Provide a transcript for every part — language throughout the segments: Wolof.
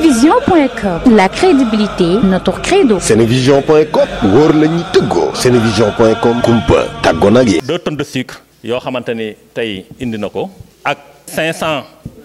vision.com la crédibilité notre credo. Sénévision.com. world ni Togo. kumpa deux tonnes de sucre 500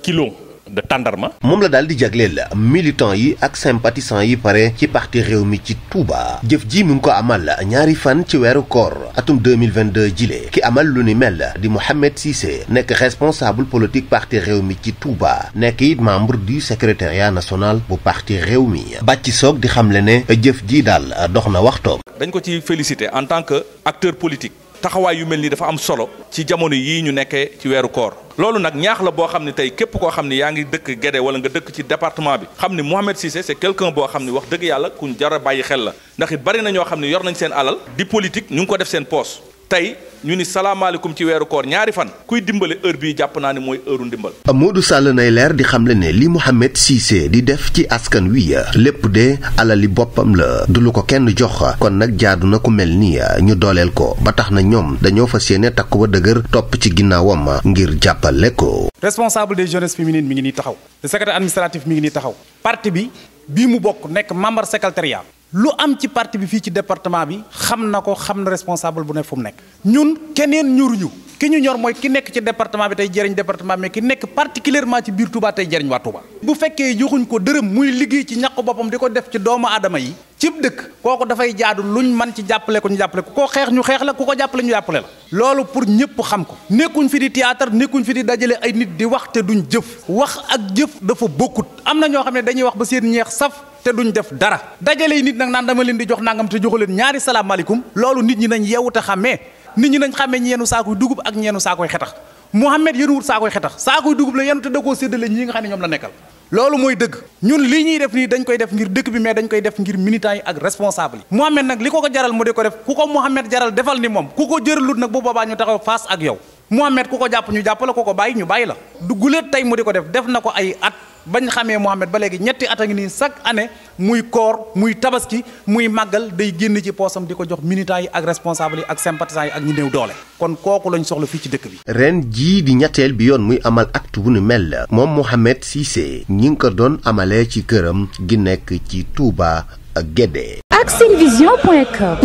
kilos de tandarma mom la dal di jaglel militant yi ak sympathisant yi paré ci parti réew ci Touba jëf ji mu ko amal ñaari fan ci weeru koor atum 2022 jilé ki amal lu ni mel di mohamed Cissé nek responsable politique parti réew ci Touba nek it membre du secrétariat national bu parti réew ba ci sok di xam ne jëf ji dal doxna na dañ ko ci féliciter en tant que acteur politique taxaway yu mel ni dafa am solo ci jamono yi ñu nekkee ci weeru koor loolu nak ñaax la bo xamni tay tey képp koo xam ne dëkk gédé wala nga dëkk ci département bi xamni mohamed Cissé c'est quelqu'un bo xamni wax dëgg yàlla kuñ jar a bàyyi xel la ndax it bari na ño xamni yor nañ seen alal di politique ñu ko def seen poste tey ñu ni salaamaaleykum ci weeru koor ñaari fan kuy dimbale heure bii jàpp naa ne mooy heureu ndimbal Modou Sall nay leer di xamle ne li Mouhamed Cissé di def ci askan wi lépp de alali boppam la du lu ko kenn jox kon nag jaadu na ku mel ni ñu dooleel ko ba tax na ñoom dañoo fa yéene takku ba dëgër topp ci ginnaawam ngir jàppale ko responsable des jeunesses féminines mi ngi nii taxaw le secrétaire administratif mi ngi nii taxaw parti bi bii mu bokk nekk membre secrétariat lu am ci parti bi fii ci département bi xam na ko xam na responsable bu ne fu mu nekk ñun keneen ñoruñu ki ñu ñor mooy ki nekk ci département bi tey jëriñ département mais ki nekk particulièrement ci biir Touba tey jëriñ waa Touba bu fekkee joxuñ ko dërëm muy liggéey ci ñàkk boppam di ko def ci doomu aadama yi cib dëkk kooku dafay jaadu luñ man ci jàppale ko ñu jàppale ko koo xeex ñu xeex la ku ko jàppale ñu jàppale la loolu pour ñëpp xam ko nekkuñ fi di théâtre nekkuñ fi di dajale ay nit di wax te duñ jëf wax ak jëf dafa bokkut am na ñoo xam ne dañuy wax ba seen ñeex saf te duñu def dara dajale yi nit nag naan dama leen di jox nangam te joxu leen ñaari salaamaaleykum loolu nit ñi nañ yeewu te xàmmee nit ñi nañ xàmmee ñeenu saakoy dugub ak ñeenu saakoy xetax Mouhamed yéen wut saakoy xetax saakoy dugub la yenu te da koo ñi nga xam ne ñoom la nekkal loolu mooy dëgg ñun lii ñuy def nii dañ koy def ngir dëkk bi mais dañ koy def ngir militants yi ak responsable yi Mohamed nag li ko ko jaral mu di ko def ku ko Mohamed jaral defal ni moom ku ko jëralut nag bu boobaa ñu taxaw face ak yow Mohamed ku ko jàpp ñu jàpp la ku ko bàyyi ñu bàyyi la du guleet tey mu di ko def def na ko ay at bañ xamé mohammed ba légui ñetti at a ngi chaque année muy koor muy tabaski muy magal day génn ci posam diko jox militants yi ak responsable yi ak sympathisant yi ak ñi néew doole kon koku lañ soxlu fi ci dëkk bi. ren ji di ñetteel bi yoon muy amal acte bu nu mel mom mohammed Cissé ñi ngi ko doon amalé ci kërëm gi nekk ci Touba ak Guédé. ak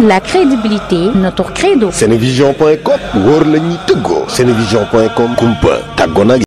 la crédibilité notre credo. senevision.com wóor la ñuy tëggoo. senevision.com kumpa tàggoo